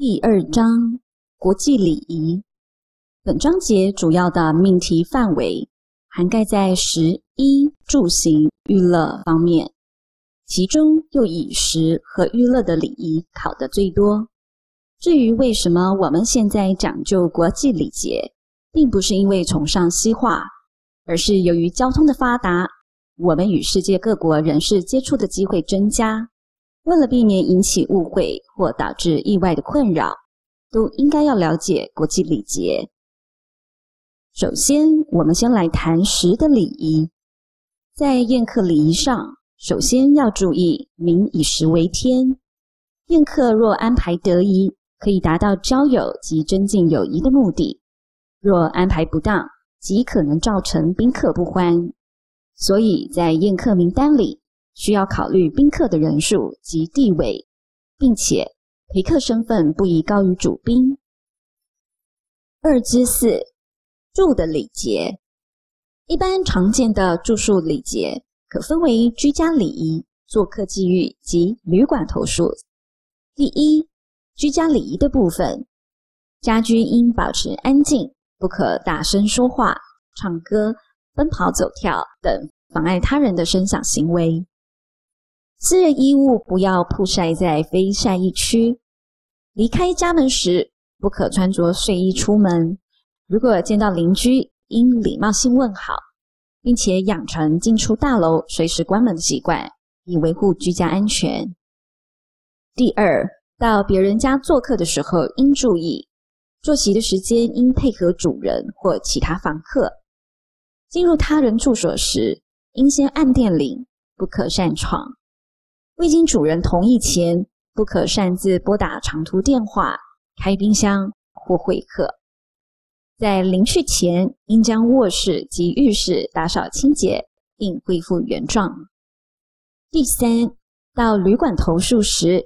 第二章國際禮儀，本章節主要的命題範圍涵蓋在食、衣、住、行、娛樂方面，其中又以食和娛樂的禮儀考得最多。至於為什麼我們現在講究國際禮節，並不是因為崇尚西化，而是由於交通的發達，我們與世界各國人士接觸的機會增加。為了避免引起誤會或導致意外的困擾，都應該要了解國際禮節。首先，我們先來談食的禮儀。在宴客禮儀上，首先要注意“民以食為天”。宴客若安排得宜，可以達到交友及增進友誼的目的；若安排不當，極可能造成賓客不歡。所以在宴客名單裡。需要考慮賓客的人數及地位，並且陪客身份不宜高於主賓。二之四，住的禮節。一般常見的住宿禮節可分為居家禮儀、做客寄寓及旅館投訴。第一，居家禮儀的部分，家居應保持安靜，不可大聲說話、唱歌、奔跑、走跳等妨礙他人的聲響行為。私人衣物不要曝曬在非曬衣區。離開家門時，不可穿着睡衣出門。如果見到鄰居，應禮貌性問好，並且養成進出大樓隨時關門的習慣，以維護居家安全。第二，到別人家做客的時候，應注意，坐席的時間應配合主人或其他房客。進入他人住所時，應先按電鈴，不可擅闖。未經主人同意前，不可擅自撥打長途電話、開冰箱或會客。在離去前，應將臥室及浴室打掃清潔，並恢復原狀。第三，到旅館投宿時，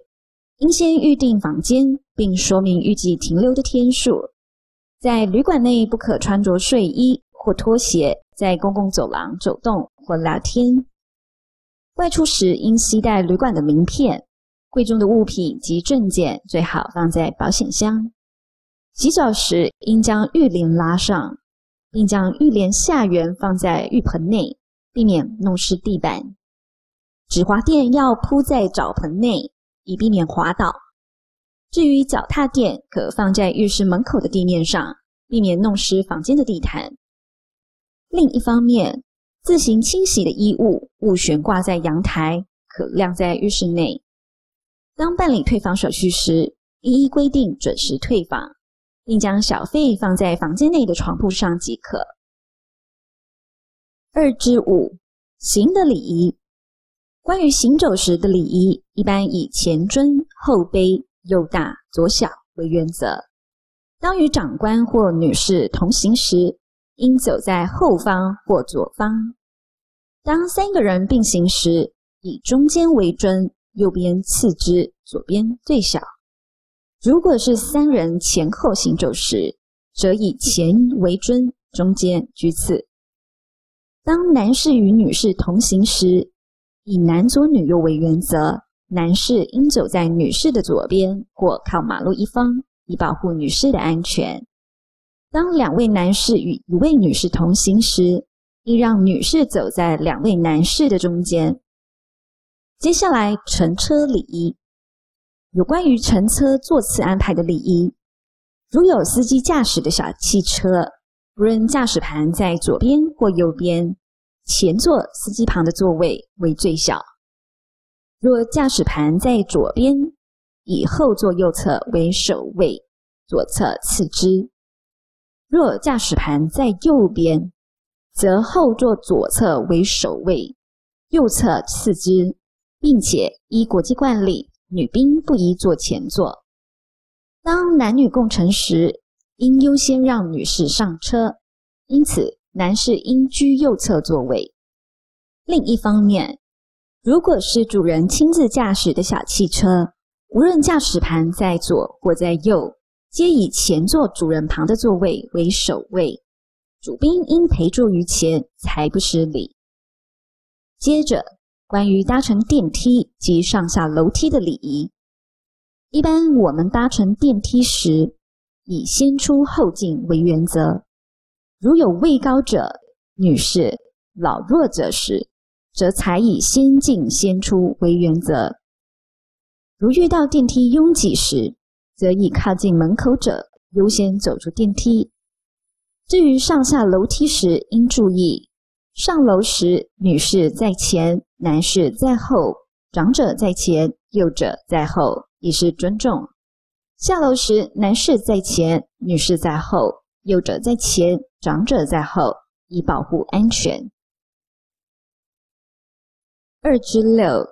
應先預訂房間，並說明預計停留的天數。在旅館內不可穿着睡衣或拖鞋，在公共走廊走動或聊天。外出時應攜帶旅館的名片、貴重的物品及證件，最好放在保險箱。洗澡時應將浴簾拉上，並將浴簾下緣放在浴盆內，避免弄濕地板。止滑墊要鋪在澡盆內，以避免滑倒。至於腳踏墊，可放在浴室門口的地面上，避免弄濕房間的地毯。另一方面，自行清洗的衣物勿懸掛在陽台，可晾在浴室內。當辦理退房手續時，依依規定，準時退房，並將小費放在房間內的床鋪上即可。二至五行的禮儀，關於行走時的禮儀，一般以前尊後卑、右大左小為原則。當與長官或女士同行時，應走在後方或左方。當三個人並行時，以中間為尊，右邊次之，左邊最小。如果是三人前後行走時，則以前為尊，中間居次。當男士與女士同行時，以男左女右為原則，男士應走在女士的左邊或靠馬路一方，以保護女士的安全。當兩位男士與一位女士同行時，應讓女士走在兩位男士的中間。接下來，乘車禮儀。有關於乘車座次安排的禮儀。如有司機駕駛的小汽車，不論駕駛盤在左邊或右邊，前座司機旁的座位為最小。若駕駛盤在左邊，以後座右側為首位，左側次之。若駕駛盤在右邊，則後座左側為首位，右側次之，並且依國際慣例，女賓不宜坐前座。當男女共乘時，應優先讓女士上車，因此男士應居右側座位。另一方面，如果是主人親自駕駛的小汽車，無論駕駛盤在左或在右。皆以前座主人旁的座位為首位，主賓應陪坐於前，才不失禮。接着，關於搭乘電梯及上下樓梯的禮儀，一般我們搭乘電梯時，以先出後進為原則；如有位高者、女士、老弱者時，則才以先進先出為原則。如遇到電梯擁擠時，得以靠近門口者優先走出電梯。至於上下樓梯時應注意：上樓時女士在前，男士在後；長者在前，幼者在後，以示尊重；下樓時男士在前，女士在後；幼者在前，長者在後，以保護安全。二之六，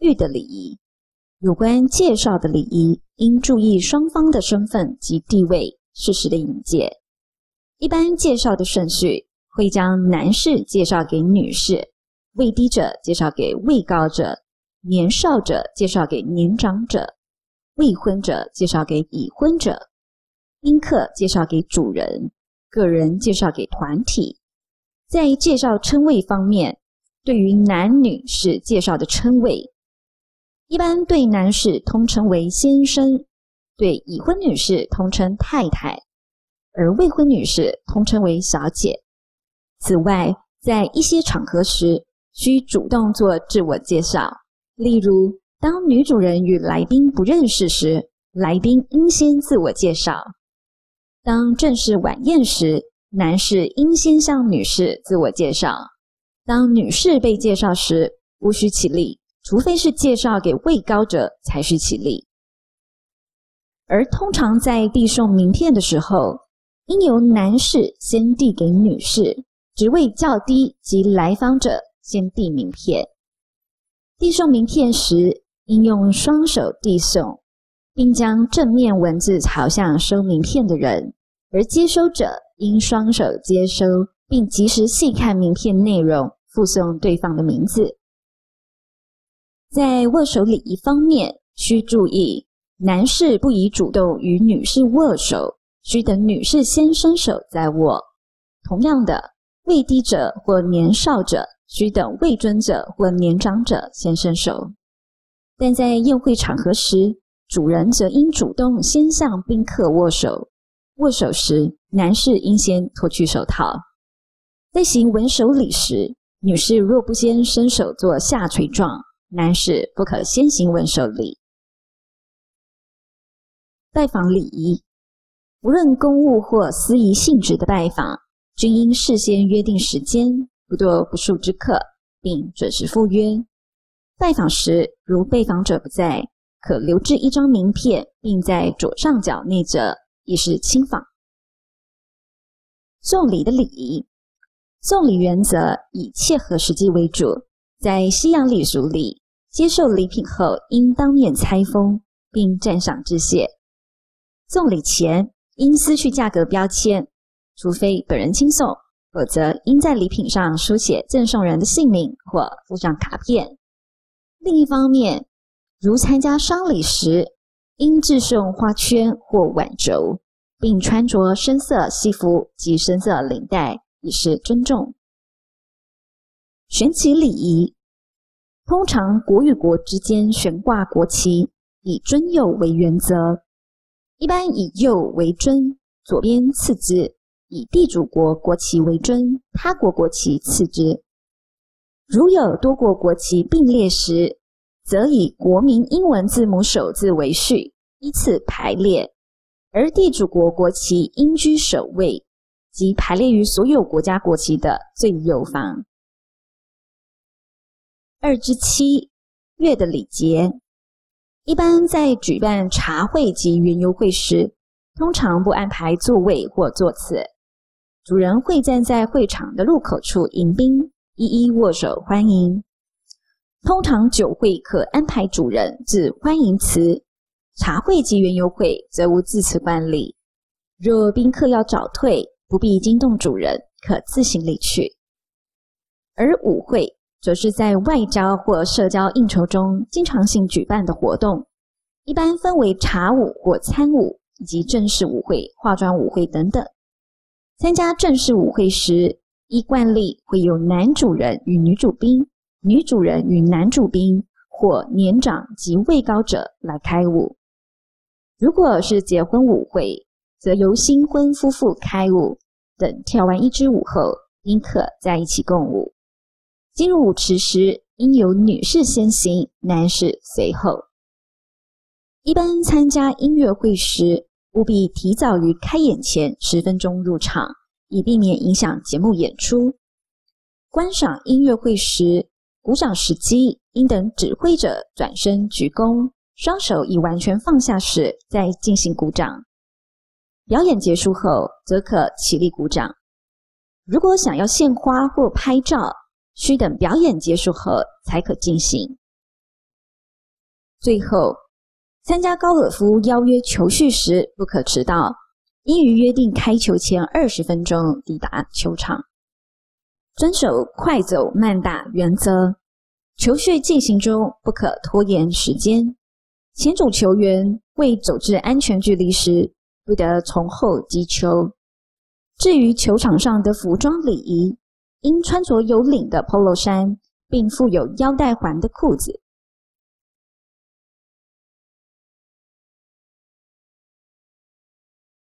育的禮儀。有關介紹的禮儀應注意雙方的身份及地位，適時的引介。一般介紹的順序會將男士介紹給女士，位低者介紹給位高者，年少者介紹給年長者，未婚者介紹給已婚者，賓客介紹給主人，個人介紹給團體。在介紹稱謂方面，對於男女士介紹的稱謂。一般對男士通稱為先生，對已婚女士通稱太太，而未婚女士通稱為小姐。此外，在一些場合時，需主動做自我介紹。例如，當女主人與來賓不認識時，來賓應先自我介紹；當正式晚宴時，男士應先向女士自我介紹；當女士被介紹時，無需起立。除非是介紹給位高者才需起立，而通常在遞送名片的時候，應由男士先遞給女士，職位較低及來訪者先遞名片。遞送名片時，應用雙手遞送，並將正面文字朝向收名片的人，而接收者應雙手接收，並及時細看名片內容，複誦對方的名字。在握手禮儀方面，需注意：男士不宜主動與女士握手，需等女士先伸手再握。同樣的，位低者或年少者需等位尊者或年長者先伸手。但在宴會場合時，主人則應主動先向賓客握手。握手時，男士應先脫去手套。在行吻手禮時，女士若不先伸手做下垂狀。男士不可先行問手禮。拜訪禮儀，無論公務或私誼性質的拜訪，均應事先約定時間，不做不速之客，並準時赴約。拜訪時，如被訪者不在，可留置一張名片，並在左上角內折，以示親訪。送禮的禮儀，送禮原則以切合實際為主。在西洋禮俗裡，接受禮品後，應當面拆封，並讚賞致謝。送禮前，應撕去價格標籤，除非本人親送，否則應在禮品上書寫贈送人的姓名或附上卡片。另一方面，如參加喪禮時，應致送花圈或挽軸，並穿着深色西服及深色領帶，以示尊重。選舉禮儀。通常，國與國之間懸掛國旗，以尊右為原則。一般以右為尊，左邊次之。以地主國國旗為尊，他國國旗次之。如有多國國旗並列時，則以國名英文字母首字為序，依次排列。而地主國國旗應居首位，即排列於所有國家國旗的最右方。二至七月的禮節，一般在舉辦茶會及園遊會時，通常不安排座位或座次，主人會站在會場的入口處迎賓，一一握手歡迎。通常酒會可安排主人致歡迎詞，茶會及園遊會則無致辭慣例。若賓客要早退，不必驚動主人，可自行離去。而舞會。則是在外交或社交應酬中經常性舉辦的活動，一般分為茶舞或餐舞以及正式舞會、化妝舞會等等。參加正式舞會時，依慣例會由男主人與女主賓、女主人與男主賓或年長及位高者來開舞。如果是結婚舞會，則由新婚夫婦開舞。等跳完一支舞後，賓客在一起共舞。進入舞池時，應由女士先行，男士隨後。一般參加音樂會時，務必提早於開演前十分鐘入場，以避免影響節目演出。觀賞音樂會時，鼓掌時機應等指揮者轉身鞠躬，雙手已完全放下時再進行鼓掌。表演結束後，則可起立鼓掌。如果想要獻花或拍照，需等表演結束後才可進行。最後，參加高爾夫邀約球敘時不可遲到，應於約定開球前二十分鐘抵達球場。遵守快走慢打原則，球敘進行中不可拖延時間。前組球員未走至安全距離時，不得從後擊球。至於球場上的服裝禮儀。應穿着有領的 Polo 衫，並附有腰帶環的褲子。